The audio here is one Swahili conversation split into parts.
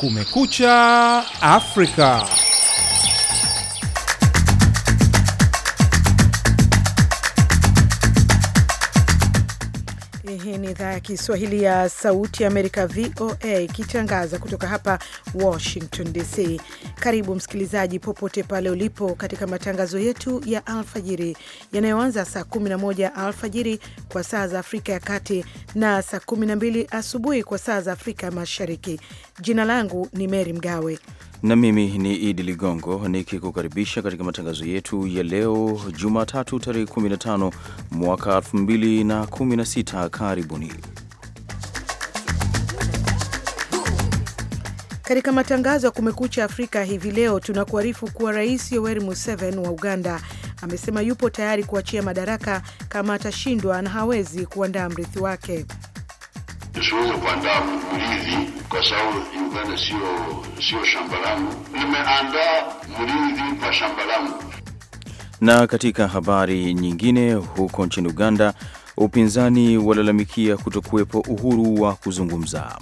Kumekucha Afrika. idhaa ya Kiswahili ya Sauti ya Amerika, VOA, ikitangaza kutoka hapa Washington DC. Karibu msikilizaji, popote pale ulipo, katika matangazo yetu ya alfajiri yanayoanza saa 11 alfajiri kwa saa za Afrika ya Kati na saa 12 asubuhi kwa saa za Afrika Mashariki. Jina langu ni mery Mgawe na mimi ni Idi Ligongo nikikukaribisha katika matangazo yetu ya leo Jumatatu tarehe 15 mwaka 2016. Karibuni katika matangazo ya Kumekucha Afrika. Hivi leo tunakuarifu kuwa Rais Yoweri Museveni wa Uganda amesema yupo tayari kuachia madaraka kama atashindwa na hawezi kuandaa mrithi wake tusiweze kuandaa mlinzi kwa sababu Uganda sio sio shamba langu. Nimeandaa mlinzi kwa shamba langu. Na katika habari nyingine, huko nchini Uganda upinzani walalamikia kutokuwepo uhuru wa kuzungumza.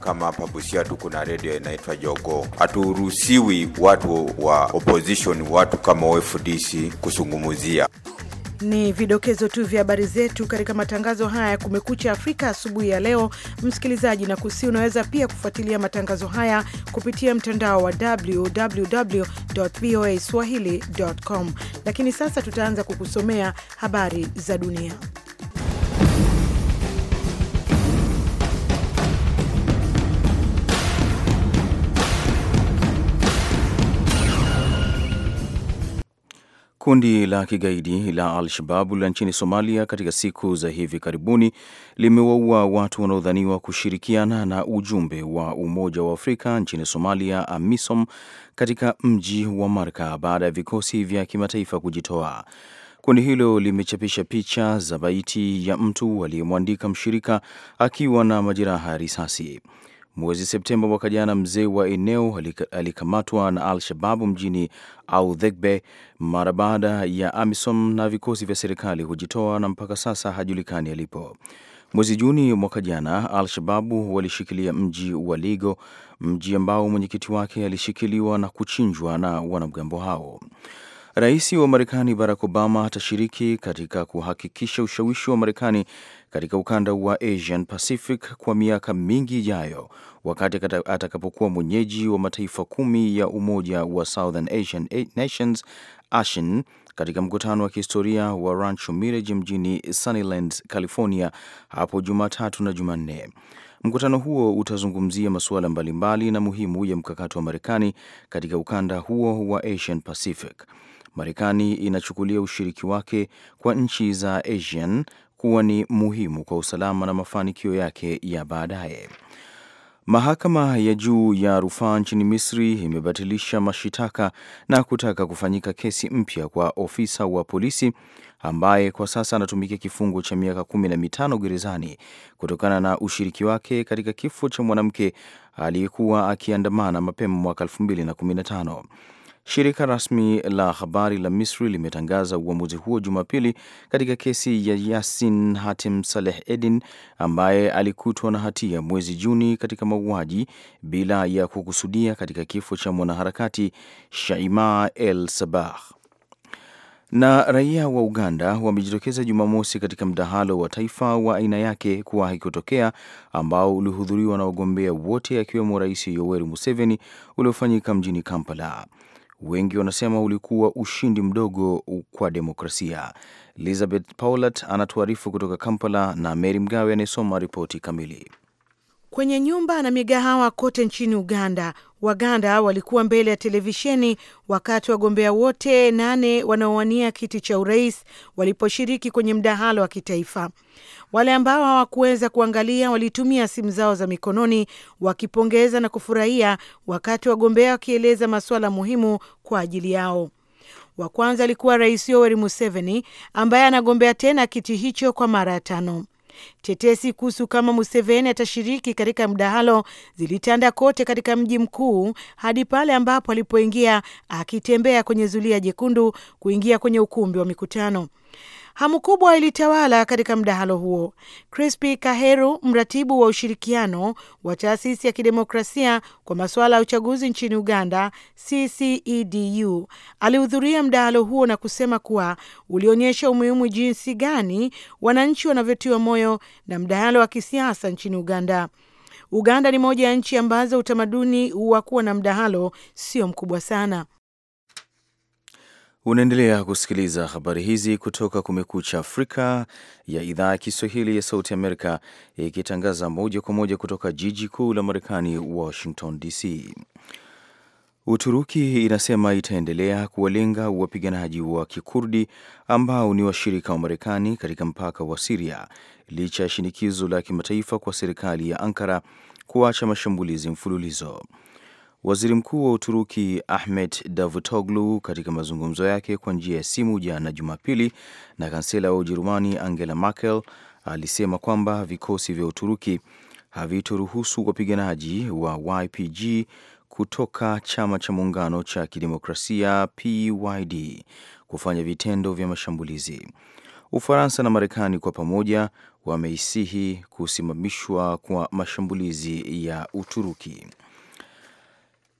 Kama hapa Busia tu kuna redio inaitwa Jogo, haturuhusiwi watu wa opposition, watu kama FDC kuzungumzia ni vidokezo tu vya habari zetu katika matangazo haya ya Kumekucha Afrika asubuhi ya leo, msikilizaji, na kusi unaweza pia kufuatilia matangazo haya kupitia mtandao wa www voa swahili com. Lakini sasa tutaanza kukusomea habari za dunia. Kundi la kigaidi la Al-Shababu la nchini Somalia katika siku za hivi karibuni limewaua watu wanaodhaniwa kushirikiana na ujumbe wa Umoja wa Afrika nchini Somalia, AMISOM, katika mji wa Marka baada ya vikosi vya kimataifa kujitoa. Kundi hilo limechapisha picha za baiti ya mtu aliyemwandika mshirika akiwa na majeraha ya risasi. Mwezi Septemba mwaka jana, mzee wa eneo alikamatwa na Al-Shababu mjini Audhegbe mara baada ya AMISOM na vikosi vya serikali hujitoa na mpaka sasa hajulikani alipo. Mwezi Juni mwaka jana, Al-Shababu walishikilia mji wa Ligo, mji ambao mwenyekiti wake alishikiliwa na kuchinjwa na wanamgambo hao. Rais wa Marekani Barack Obama atashiriki katika kuhakikisha ushawishi wa Marekani katika ukanda wa Asian Pacific kwa miaka mingi ijayo, wakati atakapokuwa mwenyeji wa mataifa kumi ya Umoja wa Southern Asian Nations ASEAN katika mkutano wa kihistoria wa Rancho Mirage mjini Sunnyland, California hapo Jumatatu na Jumanne. Mkutano huo utazungumzia masuala mbalimbali na muhimu ya mkakati wa Marekani katika ukanda huo wa Asian Pacific. Marekani inachukulia ushiriki wake kwa nchi za ASEAN kuwa ni muhimu kwa usalama na mafanikio yake ya baadaye. Mahakama ya juu ya rufaa nchini Misri imebatilisha mashitaka na kutaka kufanyika kesi mpya kwa ofisa wa polisi ambaye kwa sasa anatumikia kifungo cha miaka kumi na mitano gerezani kutokana na ushiriki wake katika kifo cha mwanamke aliyekuwa akiandamana mapema mwaka 215 Shirika rasmi la habari la Misri limetangaza uamuzi huo Jumapili katika kesi ya Yasin hatim Saleh Edin ambaye alikutwa na hatia mwezi Juni katika mauaji bila ya kukusudia katika kifo cha mwanaharakati Shaima El Sabah. Na raia wa Uganda wamejitokeza Jumamosi katika mdahalo wa taifa wa aina yake kuwahi kutokea ambao ulihudhuriwa na wagombea wote akiwemo Rais Yoweri Museveni uliofanyika mjini Kampala wengi wanasema ulikuwa ushindi mdogo kwa demokrasia. Elizabeth Paulat anatuarifu kutoka Kampala na Meri Mgawe anayesoma ripoti kamili. Kwenye nyumba na migahawa kote nchini Uganda, Waganda walikuwa mbele ya televisheni wakati wagombea wote nane wanaowania kiti cha urais waliposhiriki kwenye mdahalo wa kitaifa. Wale ambao hawakuweza kuangalia walitumia simu zao za mikononi wakipongeza na kufurahia wakati wagombea wakieleza masuala muhimu kwa ajili yao. Wa kwanza alikuwa Rais Yoweri Museveni ambaye anagombea tena kiti hicho kwa mara ya tano. Tetesi kuhusu kama Museveni atashiriki katika mdahalo zilitanda kote katika mji mkuu hadi pale ambapo alipoingia akitembea kwenye zulia jekundu kuingia kwenye ukumbi wa mikutano. Hamu kubwa ilitawala katika mdahalo huo. Crispy Kaheru, mratibu wa ushirikiano wa taasisi ya kidemokrasia kwa masuala ya uchaguzi nchini Uganda, CCEDU, alihudhuria mdahalo huo na kusema kuwa ulionyesha umuhimu jinsi gani wananchi wanavyotiwa moyo na mdahalo wa kisiasa nchini Uganda. Uganda ni moja ya nchi ambazo utamaduni wa kuwa na mdahalo sio mkubwa sana. Unaendelea kusikiliza habari hizi kutoka Kumekucha Afrika ya idhaa ya Kiswahili ya Sauti Amerika, ikitangaza moja kwa moja kutoka jiji kuu la Marekani, Washington DC. Uturuki inasema itaendelea kuwalenga wapiganaji wa Kikurdi ambao ni washirika wa Marekani katika mpaka wa Siria licha ya shinikizo la kimataifa kwa serikali ya Ankara kuacha mashambulizi mfululizo. Waziri Mkuu wa Uturuki Ahmet Davutoglu katika mazungumzo yake kwa njia ya simu jana Jumapili na kansela wa Ujerumani Angela Merkel alisema kwamba vikosi vya Uturuki havitoruhusu wapiganaji wa YPG kutoka chama cha muungano cha kidemokrasia PYD kufanya vitendo vya mashambulizi. Ufaransa na Marekani kwa pamoja wameisihi kusimamishwa kwa mashambulizi ya Uturuki.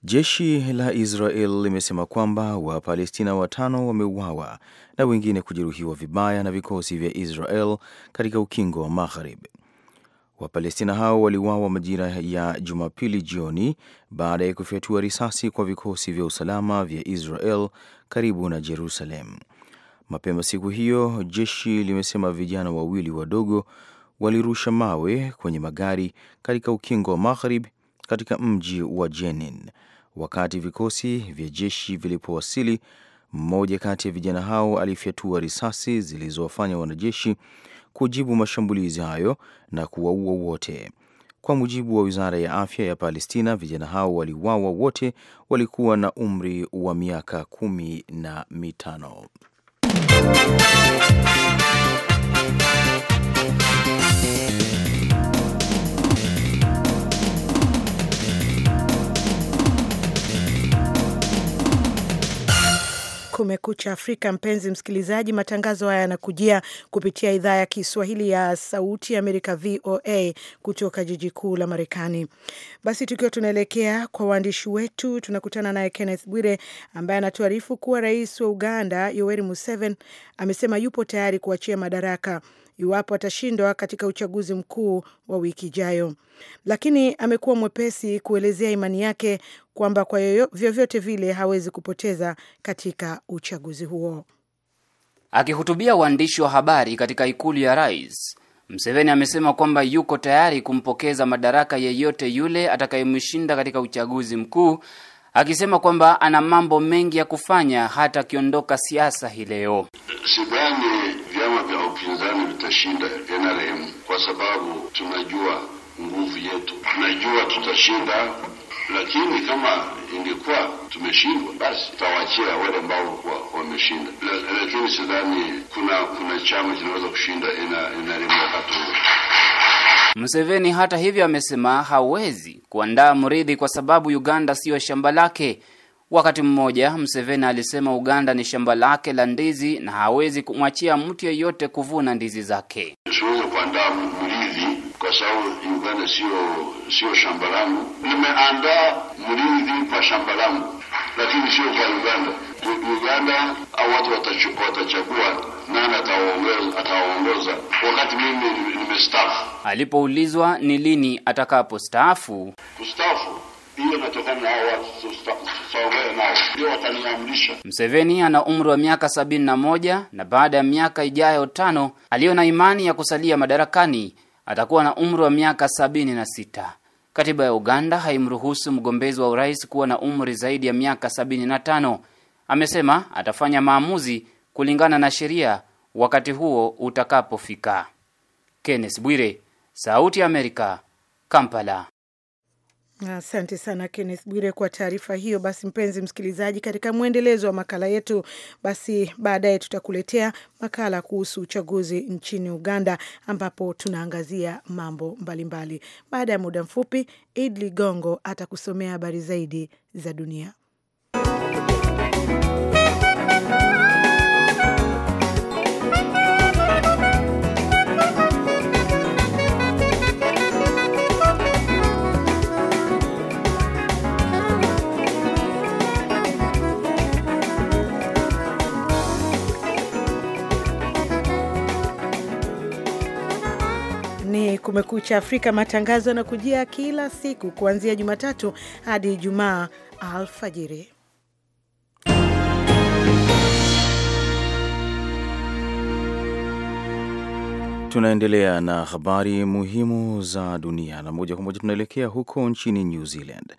Jeshi la Israel limesema kwamba Wapalestina watano wameuawa na wengine kujeruhiwa vibaya na vikosi vya Israel katika ukingo wa Magharibi. Wapalestina hao waliuawa majira ya Jumapili jioni baada ya kufyatua risasi kwa vikosi vya usalama vya Israel karibu na Jerusalem. Mapema siku hiyo, jeshi limesema vijana wawili wadogo walirusha mawe kwenye magari katika ukingo wa Magharibi katika mji wa Jenin. Wakati vikosi vya jeshi vilipowasili, mmoja kati ya vijana hao alifyatua risasi zilizowafanya wanajeshi kujibu mashambulizi hayo na kuwaua wote. Kwa mujibu wa wizara ya afya ya Palestina, vijana hao waliuawa wote, walikuwa na umri wa miaka kumi na mitano. Kumekucha Afrika, mpenzi msikilizaji, matangazo haya yanakujia kupitia idhaa ya Kiswahili ya Sauti ya Amerika, VOA, kutoka jiji kuu la Marekani. Basi tukiwa tunaelekea kwa waandishi wetu, tunakutana naye Kenneth Bwire ambaye anatuarifu kuwa rais wa Uganda Yoweri Museveni amesema yupo tayari kuachia madaraka iwapo atashindwa katika uchaguzi mkuu wa wiki ijayo, lakini amekuwa mwepesi kuelezea imani yake kwamba kwa vyovyote vile hawezi kupoteza katika uchaguzi huo. Akihutubia waandishi wa habari katika ikulu ya rais, Mseveni amesema kwamba yuko tayari kumpokeza madaraka yeyote yule atakayemshinda katika uchaguzi mkuu, akisema kwamba ana mambo mengi ya kufanya hata akiondoka siasa hii leo. Sidhani tutashinda NRM kwa sababu tunajua nguvu yetu, tunajua tutashinda. Lakini kama ingekuwa tumeshindwa, basi tutawaachia wale ambao wameshinda, lakini sidhani kuna kuna chama kinaweza kushinda NRM wakati huo. Museveni hata hivyo amesema hawezi kuandaa mridhi kwa sababu Uganda siyo shamba lake. Wakati mmoja Mseveni alisema Uganda ni shamba lake la ndizi na hawezi kumwachia mtu yeyote kuvuna ndizi zake. Siwezi kuandaa mridhi kwa sababu Uganda siyo shamba langu. Nimeandaa mridhi kwa shamba langu, lakini sio kwa Uganda. Uganda au watu watachagua nani atawaongoza wakati mimi nimestaafu. Alipoulizwa ni lini atakapo staafu, kustaafu iwe inatokana na hao watu tutaongea nao, ndio wataniamrisha. Mseveni ana umri wa miaka sabini na moja na baada ya miaka ijayo tano aliyo na imani ya kusalia madarakani atakuwa na umri wa miaka sabini na sita. Katiba ya Uganda haimruhusu mgombezi wa urais kuwa na umri zaidi ya miaka sabini na tano. Amesema atafanya maamuzi kulingana na sheria wakati huo utakapofika. Kenneth Bwire, Sauti ya Amerika, Kampala. Asante sana Kenneth Bwire kwa taarifa hiyo. Basi mpenzi msikilizaji, katika mwendelezo wa makala yetu, basi baadaye tutakuletea makala kuhusu uchaguzi nchini Uganda, ambapo tunaangazia mambo mbalimbali Baada ya muda mfupi, Idli Ligongo atakusomea habari zaidi za dunia. Kumekucha Afrika. Matangazo yanakujia kila siku kuanzia Jumatatu hadi Ijumaa alfajiri. Tunaendelea na habari muhimu za dunia na moja kwa moja tunaelekea huko nchini New Zealand.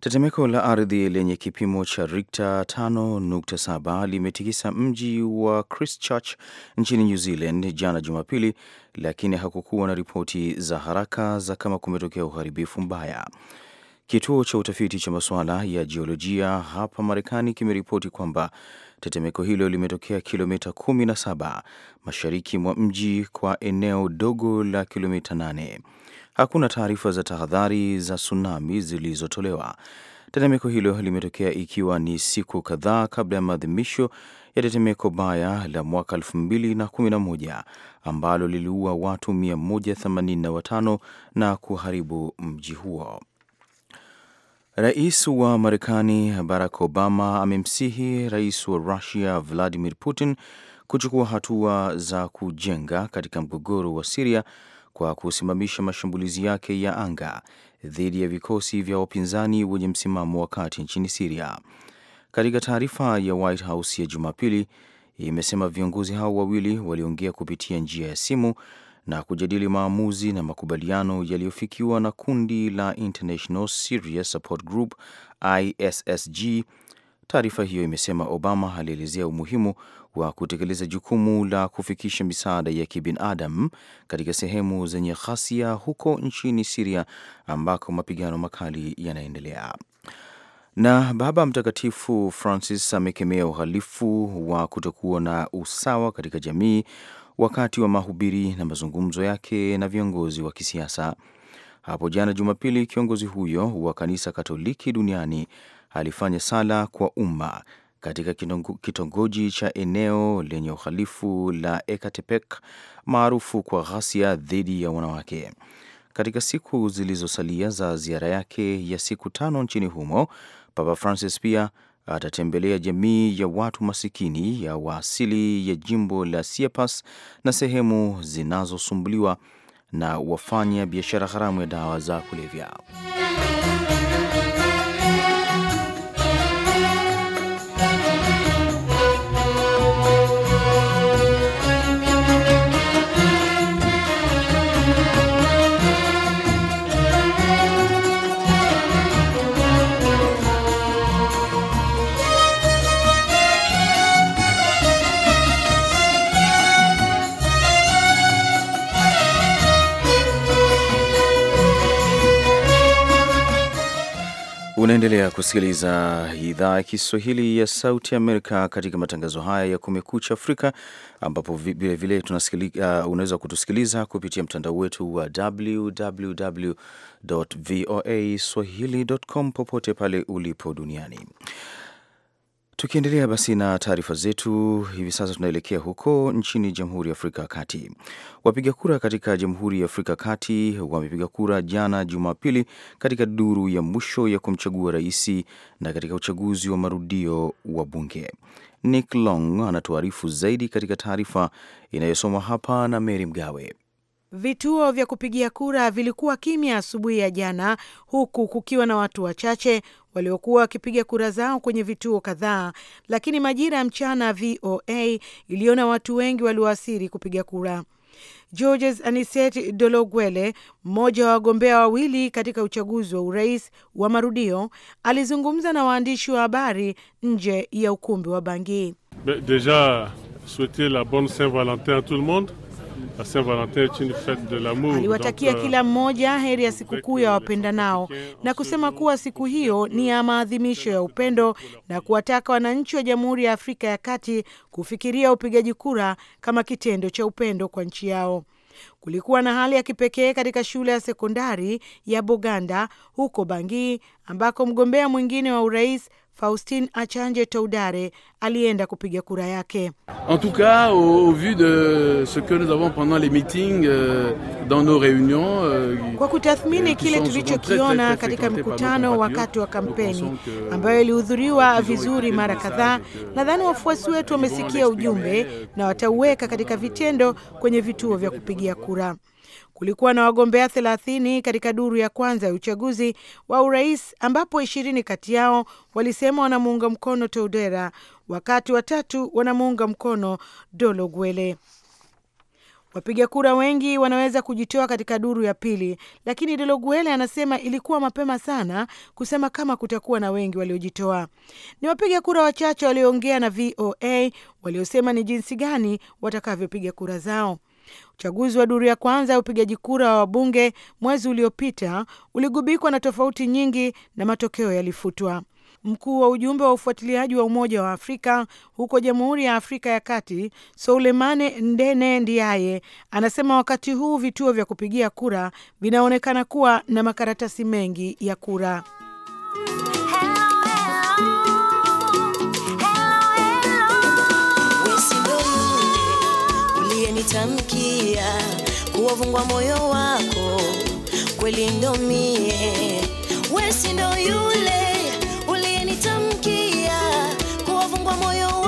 Tetemeko la ardhi lenye kipimo cha rikta 5.7 limetikisa mji wa Christchurch nchini New Zealand jana Jumapili, lakini hakukuwa na ripoti za haraka za kama kumetokea uharibifu mbaya. Kituo cha utafiti cha masuala ya jiolojia hapa Marekani kimeripoti kwamba Tetemeko hilo limetokea kilomita 17 mashariki mwa mji kwa eneo dogo la kilomita 8. Hakuna taarifa za tahadhari za tsunami zilizotolewa. Tetemeko hilo limetokea ikiwa ni siku kadhaa kabla ya maadhimisho ya tetemeko baya la mwaka 2011 ambalo liliua watu 185 na kuharibu mji huo. Rais wa Marekani Barack Obama amemsihi rais wa Rusia Vladimir Putin kuchukua hatua za kujenga katika mgogoro wa Siria kwa kusimamisha mashambulizi yake ya anga dhidi ya vikosi vya wapinzani wenye msimamo wa kati nchini Siria. Katika taarifa ya White House ya Jumapili imesema viongozi hao wawili waliongea kupitia njia ya simu na kujadili maamuzi na makubaliano yaliyofikiwa na kundi la International Syria Support Group ISSG. Taarifa hiyo imesema Obama alielezea umuhimu wa kutekeleza jukumu la kufikisha misaada ya kibinadamu katika sehemu zenye ghasia huko nchini Siria ambako mapigano makali yanaendelea. Na Baba Mtakatifu Francis amekemea uhalifu wa kutokuwa na usawa katika jamii wakati wa mahubiri na mazungumzo yake na viongozi wa kisiasa hapo jana Jumapili. Kiongozi huyo wa kanisa Katoliki duniani alifanya sala kwa umma katika kitongoji cha eneo lenye uhalifu la Ecatepec maarufu kwa ghasia dhidi ya wanawake. Katika siku zilizosalia za ziara yake ya siku tano nchini humo, Papa Francis pia atatembelea jamii ya watu masikini ya waasili ya jimbo la Siepas na sehemu zinazosumbuliwa na wafanya biashara haramu ya dawa za kulevya. Unaendelea kusikiliza idhaa ya Kiswahili ya Sauti Amerika katika matangazo haya ya Kumekucha Afrika, ambapo vilevile uh, unaweza kutusikiliza kupitia mtandao wetu wa www voa swahili.com popote pale ulipo duniani. Tukiendelea basi na taarifa zetu hivi sasa, tunaelekea huko nchini Jamhuri ya Afrika ya Kati. Wapiga kura katika Jamhuri ya Afrika ya Kati wamepiga kura jana Jumapili katika duru ya mwisho ya kumchagua rais na katika uchaguzi wa marudio wa bunge. Nick Long anatuarifu zaidi katika taarifa inayosomwa hapa na Mary Mgawe. Vituo vya kupigia kura vilikuwa kimya asubuhi ya jana, huku kukiwa na watu wachache waliokuwa wakipiga kura zao kwenye vituo kadhaa, lakini majira ya mchana VOA iliona watu wengi walioasiri kupiga kura. Georges Aniset Dologwele, mmoja wa wagombea wawili katika uchaguzi wa urais wa marudio, alizungumza na waandishi wa habari nje ya ukumbi wa Bangi. Deja souhaiter la bonne Saint Valentin a tout le monde la Saint-Valentin une de l'amour. Aliwatakia euh, kila mmoja heri ya sikukuu ya nao na kusema kuwa siku hiyo ni ya maadhimisho ya upendo na kuwataka wananchi wa Jamhuri ya Afrika ya Kati kufikiria upigaji kura kama kitendo cha upendo kwa nchi yao. Kulikuwa na hali ya kipekee katika shule ya sekondari ya Boganda huko Bangui ambako mgombea mwingine wa urais Faustin Achanje Toudare alienda kupiga kura yake. En tout cas, au, au vu de ce que nous avons pendant les meetings, euh, dans nos reunions, euh, kwa kutathmini euh, kile tulichokiona katika mkutano wakati wa kampeni ambayo ilihudhuriwa vizuri mara kadhaa, nadhani wafuasi wetu wamesikia ujumbe na watauweka katika vitendo kwenye vituo vya kupigia kura kulikuwa na wagombea 30 katika duru ya kwanza ya uchaguzi wa urais ambapo ishirini kati yao walisema wanamuunga mkono Toudera wakati watatu wanamuunga mkono Dolo Gwele. Wapiga kura wengi wanaweza kujitoa katika duru ya pili, lakini Dologuele anasema ilikuwa mapema sana kusema kama kutakuwa na wengi waliojitoa. Ni wapiga kura wachache walioongea na VOA waliosema ni jinsi gani watakavyopiga kura zao. Uchaguzi wa duru ya kwanza ya upigaji kura wa wabunge mwezi uliopita uligubikwa na tofauti nyingi na matokeo yalifutwa. Mkuu wa ujumbe wa ufuatiliaji wa Umoja wa Afrika huko Jamhuri ya Afrika ya Kati, Soulemane Ndene Ndiaye, anasema wakati huu vituo vya kupigia kura vinaonekana kuwa na makaratasi mengi ya kura. kutamkia kuwavungwa moyo wako kweli ndo mie wesi ndo yule uliyenitamkia kuwavungwa moyo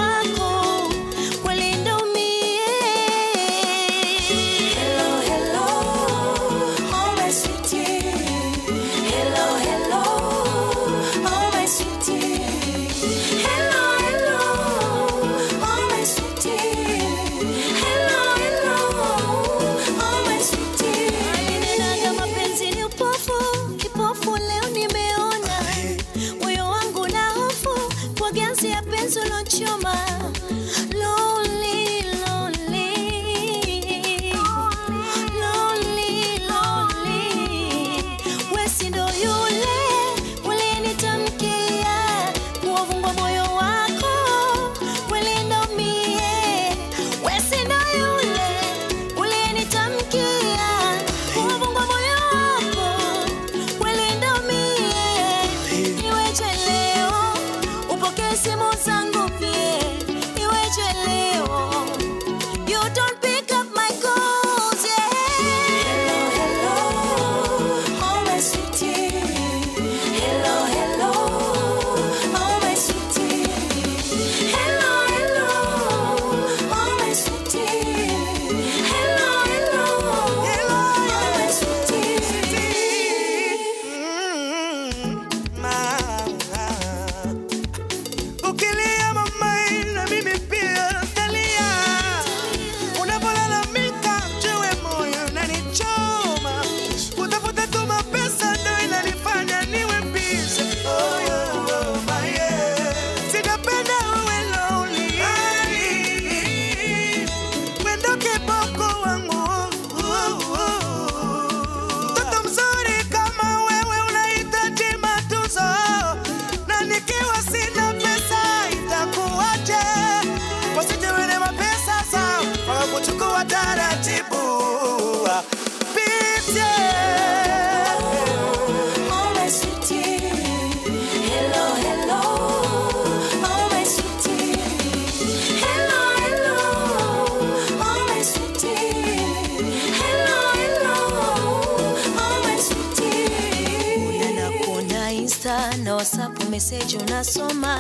Insta na WhatsApp message unasoma,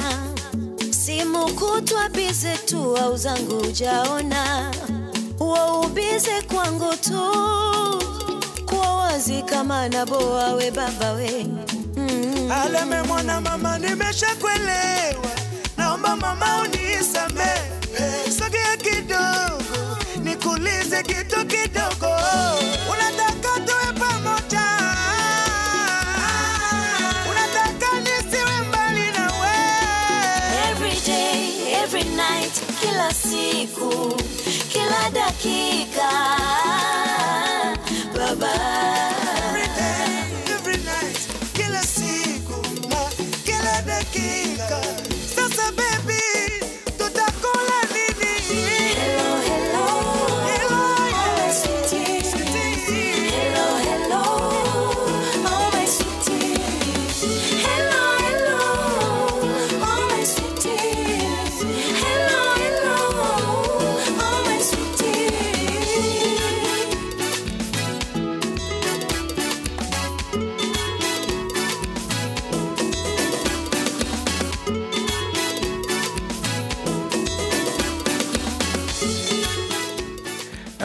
simu kutwa bize tu, au zangu ujaona, uo ubize kwangu tu, kuwa wazi kama naboa we baba we mm. Mm-hmm. Aleme mwana mama, nimeshakuelewa, naomba mama unisamee, sogea kidogo nikulize kitu kidogo, unataka tuwe pamoja siku, kila dakika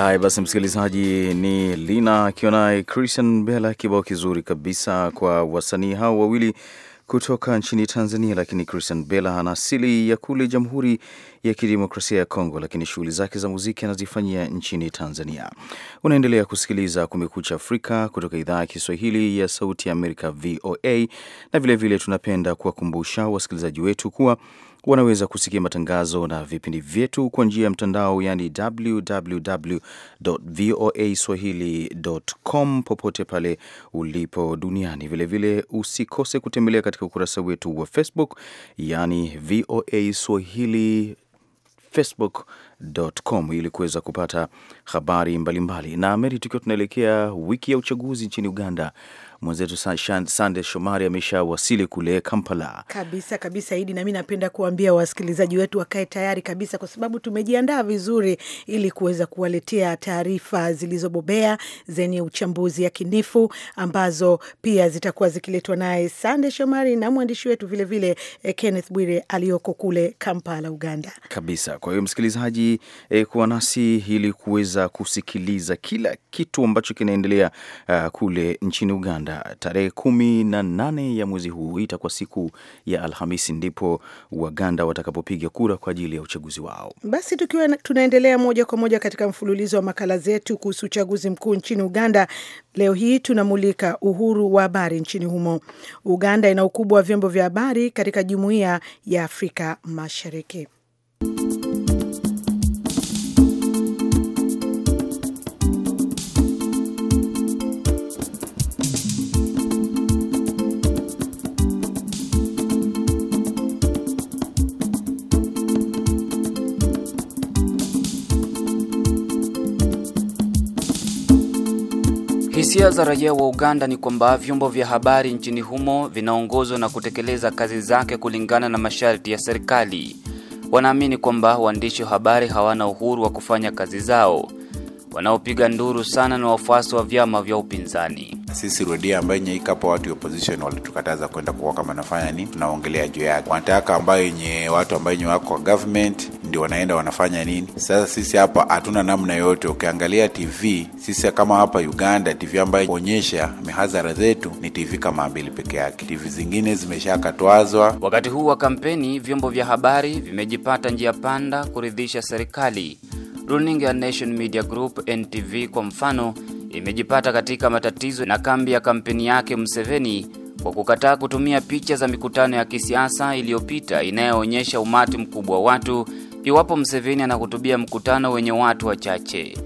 Haya basi, msikilizaji, ni Lina Kionai Christian Bella, kibao kizuri kabisa kwa wasanii hao wawili kutoka nchini Tanzania, lakini Christian Bella ana asili ya kule Jamhuri ya Kidemokrasia ya Kongo, lakini shughuli zake za muziki anazifanyia nchini Tanzania. Unaendelea kusikiliza Kumekucha Afrika kutoka idhaa ya Kiswahili ya Sauti ya Amerika, VOA, na vilevile vile tunapenda kuwakumbusha wasikilizaji wetu kuwa wanaweza kusikia matangazo na vipindi vyetu kwa njia ya mtandao, yani swahili.com popote pale ulipo duniani. Vilevile vile usikose kutembelea katika ukurasa wetu wa Facebook, yani VOA Swahili facebook.com ili kuweza kupata habari mbalimbali mbali. Na Meri, tukiwa tunaelekea wiki ya uchaguzi nchini Uganda, Mwenzetu Sande Shomari ameshawasili kule Kampala. Kabisa kabisa, Idi, nami napenda kuambia wasikilizaji wetu wakae tayari kabisa, kwa sababu tumejiandaa vizuri ili kuweza kuwaletea taarifa zilizobobea zenye uchambuzi yakinifu, ambazo pia zitakuwa zikiletwa naye Sande Shomari na mwandishi wetu vilevile vile, eh, Kenneth Bwire aliyoko kule Kampala, Uganda. Kabisa. Kwa hiyo msikilizaji, e, kuwa nasi ili kuweza kusikiliza kila kitu ambacho kinaendelea uh, kule nchini Uganda Uganda. Tarehe kumi na nane ya mwezi huu itakuwa siku ya Alhamisi, ndipo Waganda watakapopiga kura kwa ajili ya uchaguzi wao. Basi tukiwa tunaendelea moja kwa moja katika mfululizo wa makala zetu kuhusu uchaguzi mkuu nchini Uganda, leo hii tunamulika uhuru wa habari nchini humo. Uganda ina ukubwa wa vyombo vya habari katika jumuiya ya Afrika Mashariki. hisia za raia wa Uganda ni kwamba vyombo vya habari nchini humo vinaongozwa na kutekeleza kazi zake kulingana na masharti ya serikali. Wanaamini kwamba waandishi wa habari hawana uhuru wa kufanya kazi zao. Wanaopiga nduru sana na wafuasi wa vyama vya upinzani sisi rudia ambayo yenye ikapo watu opposition walitukataza kwenda kuwa kama nafanya ni tunaongelea juu yake wanataka ambayo yenye watu ambayo yenye wako kwa government ndio wanaenda wanafanya nini sasa sisi hapa hatuna namna yote ukiangalia tv sisi kama hapa uganda tv ambayo onyesha mihadhara zetu ni tv kama mbili peke yake tv zingine zimeshakatwazwa wakati huu wa kampeni vyombo vya habari vimejipata njia panda kuridhisha serikali ya nation media group ntv kwa mfano imejipata katika matatizo na kambi ya kampeni yake Museveni kwa kukataa kutumia picha za mikutano ya kisiasa iliyopita inayoonyesha umati mkubwa wa watu iwapo Museveni anahutubia mkutano wenye watu wachache.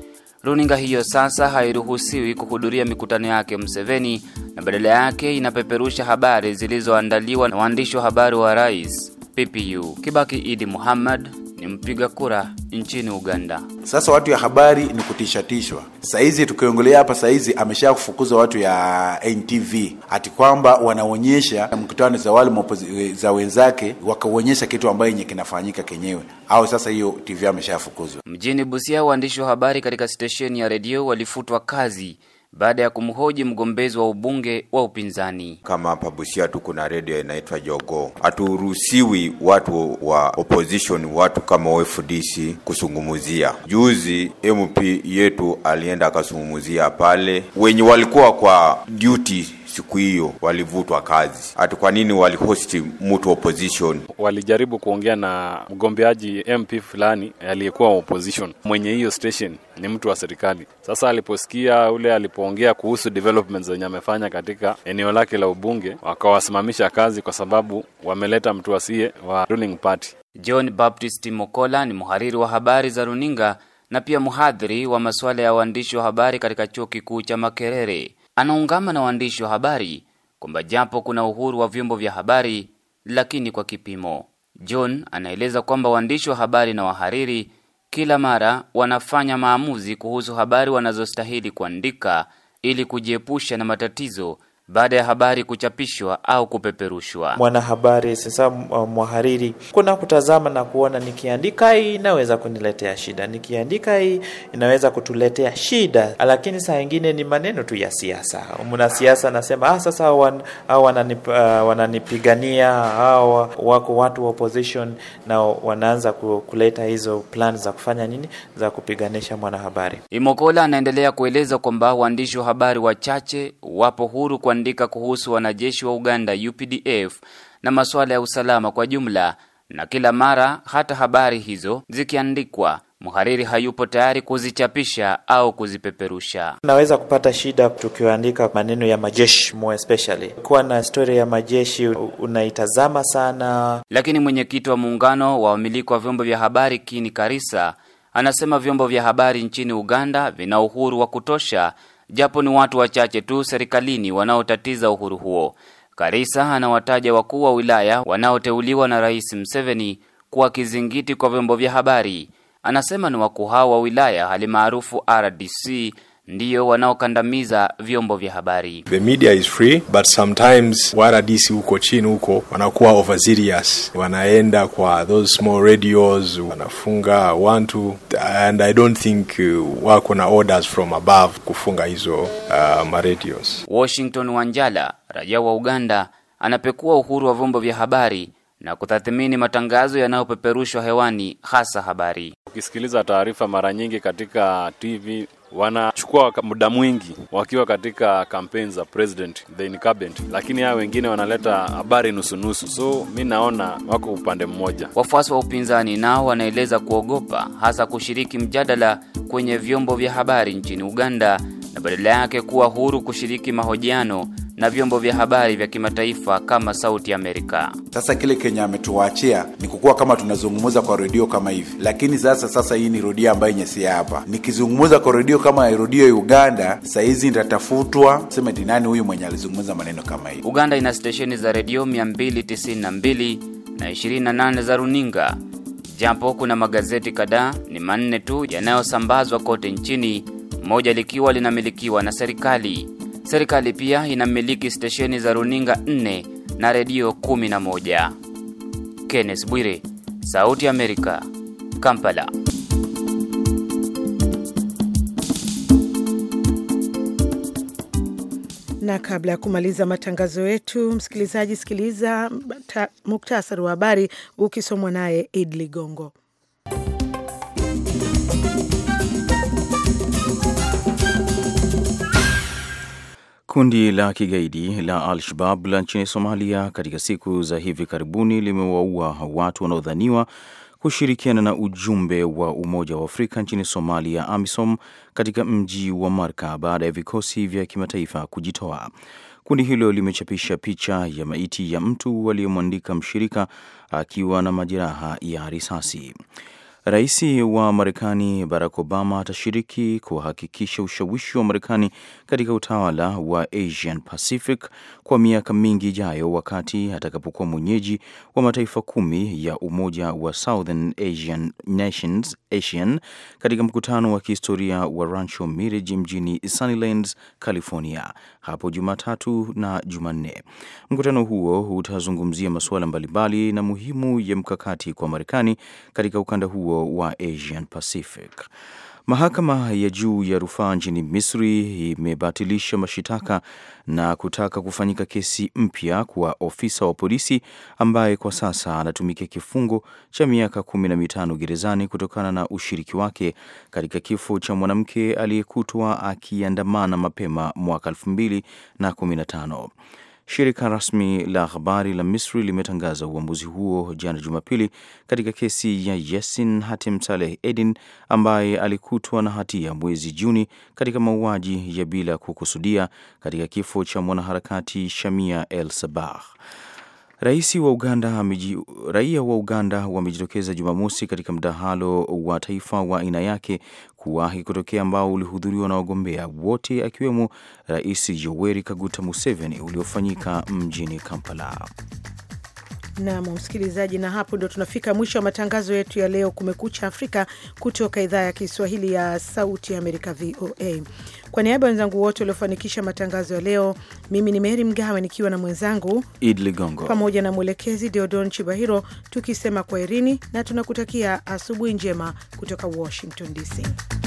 Runinga hiyo sasa hairuhusiwi kuhudhuria mikutano yake Museveni na badala yake inapeperusha habari zilizoandaliwa na waandishi wa habari wa rais PPU Kibaki Idi Muhammad ni mpiga kura nchini Uganda. Sasa watu ya habari ni kutishatishwa. Saizi tukiongelea hapa saizi, amesha kufukuza watu ya NTV ati kwamba wanaonyesha mkutano za wale za wenzake, wakaonyesha kitu ambayo yenye kinafanyika kenyewe, au sasa hiyo TV ameshafukuzwa. Mjini Busia, waandishi wa habari katika stesheni ya redio walifutwa kazi baada ya kumhoji mgombezi wa ubunge wa upinzani. Kama hapa Busia tu kuna redio inaitwa Jogo, haturuhusiwi watu wa opposition, watu kama FDC kusungumuzia. Juzi MP yetu alienda akasungumuzia pale wenye walikuwa kwa duty siku hiyo walivutwa kazi. Ati kwa nini walihosti mtu opposition? Walijaribu kuongea na mgombeaji MP fulani aliyekuwa opposition, mwenye hiyo station ni mtu wa serikali. Sasa aliposikia ule alipoongea kuhusu developments zenye amefanya katika eneo lake la ubunge, wakawasimamisha kazi kwa sababu wameleta mtu asiye wa ruling party. John Baptist Mokola ni mhariri wa habari za runinga na pia mhadhiri wa masuala ya uandishi wa habari katika chuo kikuu cha Makerere anaungama na waandishi wa habari kwamba japo kuna uhuru wa vyombo vya habari lakini kwa kipimo. John anaeleza kwamba waandishi wa habari na wahariri kila mara wanafanya maamuzi kuhusu habari wanazostahili kuandika ili kujiepusha na matatizo baada ya habari kuchapishwa au kupeperushwa. Mwanahabari sasa, mwahariri, kuna kutazama na kuona, nikiandika hii inaweza kuniletea shida, nikiandika hii inaweza kutuletea shida. Lakini saa ingine ni maneno tu ya siasa, mwanasiasa anasema ah, sasa wan, wananip, ah, wananipigania ah, wako watu wa opposition, na wanaanza kuleta hizo plan za kufanya nini, za kupiganisha mwanahabari. Imokola anaendelea kueleza kwamba waandishi wa habari wachache wapo huru kwa kuandika kuhusu wanajeshi wa Uganda UPDF na masuala ya usalama kwa jumla, na kila mara hata habari hizo zikiandikwa mhariri hayupo tayari kuzichapisha au kuzipeperusha. Naweza kupata shida tukiandika maneno ya majeshi, more especially kuwa na stori ya majeshi unaitazama sana. Lakini mwenyekiti wa muungano wa wamiliki wa vyombo vya habari Kini Karisa anasema vyombo vya habari nchini Uganda vina uhuru wa kutosha japo ni watu wachache tu serikalini wanaotatiza uhuru huo. Karisa anawataja wakuu wa wilaya wanaoteuliwa na Rais Mseveni kuwa kizingiti kwa vyombo vya habari. Anasema ni wakuu hao wa wilaya hali maarufu RDC ndiyo wanaokandamiza vyombo vya habari. The media is free but sometimes waradisi huko chini huko wanakuwa overzealous, wanaenda kwa those small radios, wanafunga wantu, and I don't think uh, wako na orders from above kufunga hizo uh, maradios. Washington Wanjala, raia wa Uganda, anapekua uhuru wa vyombo vya habari na kutathmini matangazo yanayopeperushwa hewani, hasa habari. Ukisikiliza taarifa mara nyingi katika TV wanachukua muda mwingi wakiwa katika kampeni za president the incumbent, lakini hao wengine wanaleta habari nusunusu. So mi naona wako upande mmoja. Wafuasi wa upinzani nao wanaeleza kuogopa hasa kushiriki mjadala kwenye vyombo vya habari nchini Uganda na badala yake kuwa huru kushiriki mahojiano na vyombo vya habari vya kimataifa kama Sauti Amerika. Sasa kile Kenya ametuachia ni kukuwa kama tunazungumza kwa redio kama hivi, lakini sasa sasa hii ni redio ambayo nyesia hapa, nikizungumza kwa redio kama redio ya Uganda sahizi nitatafutwa, sema ni nani huyu mwenye alizungumza maneno kama hivi. Uganda ina stesheni za redio 292 na 28 za runinga, japo kuna magazeti kadhaa, ni manne tu yanayosambazwa kote nchini moja likiwa linamilikiwa na serikali. Serikali pia inamiliki stesheni za runinga 4 na redio 11. Kenneth Bwire, Sauti Amerika, Kampala. Na kabla ya kumaliza matangazo yetu, msikilizaji, sikiliza muktasari wa habari ukisomwa naye Id Ligongo. Kundi la kigaidi la Al-Shabab la nchini Somalia katika siku za hivi karibuni limewaua watu wanaodhaniwa kushirikiana na ujumbe wa Umoja wa Afrika nchini Somalia, AMISOM, katika mji wa Marka baada ya vikosi vya kimataifa kujitoa. Kundi hilo limechapisha picha ya maiti ya mtu waliyemwandika mshirika akiwa na majeraha ya risasi. Rais wa Marekani Barack Obama atashiriki kuhakikisha ushawishi wa Marekani katika utawala wa Asian Pacific kwa miaka mingi ijayo wakati atakapokuwa mwenyeji wa mataifa kumi ya Umoja wa Southern Asian Nations ASEAN katika mkutano wa kihistoria wa Rancho Mirage mjini Sunnylands, California hapo Jumatatu na Jumanne. Mkutano huo utazungumzia masuala mbalimbali na muhimu ya mkakati kwa Marekani katika ukanda huo mkubwa wa Asian Pacific. Mahakama ya juu ya rufaa nchini Misri imebatilisha mashitaka na kutaka kufanyika kesi mpya kwa ofisa wa polisi ambaye kwa sasa anatumikia kifungo cha miaka kumi na mitano gerezani kutokana na ushiriki wake katika kifo cha mwanamke aliyekutwa akiandamana mapema mwaka elfu mbili na kumi na tano. Shirika rasmi la habari la Misri limetangaza uamuzi huo jana Jumapili katika kesi ya Yasin Hatem Saleh Edin ambaye alikutwa na hatia mwezi Juni katika mauaji ya bila kukusudia katika kifo cha mwanaharakati Shamia El Sabah. Raisi wa Uganda, miji, raia wa Uganda wamejitokeza Jumamosi katika mdahalo wa taifa wa aina yake kuwahi kutokea ambao ulihudhuriwa na wagombea wote akiwemo Rais Yoweri Kaguta Museveni uliofanyika mjini Kampala. Nam msikilizaji, na hapo ndo tunafika mwisho wa matangazo yetu ya leo, Kumekucha Afrika, kutoka idhaa ya Kiswahili ya Sauti ya Amerika, VOA. Kwa niaba ya wenzangu wote waliofanikisha matangazo ya leo, mimi ni Meri Mgawe nikiwa na mwenzangu Id Ligongo pamoja na mwelekezi Deodon Chibahiro, tukisema kwaherini na tunakutakia asubuhi njema kutoka Washington DC.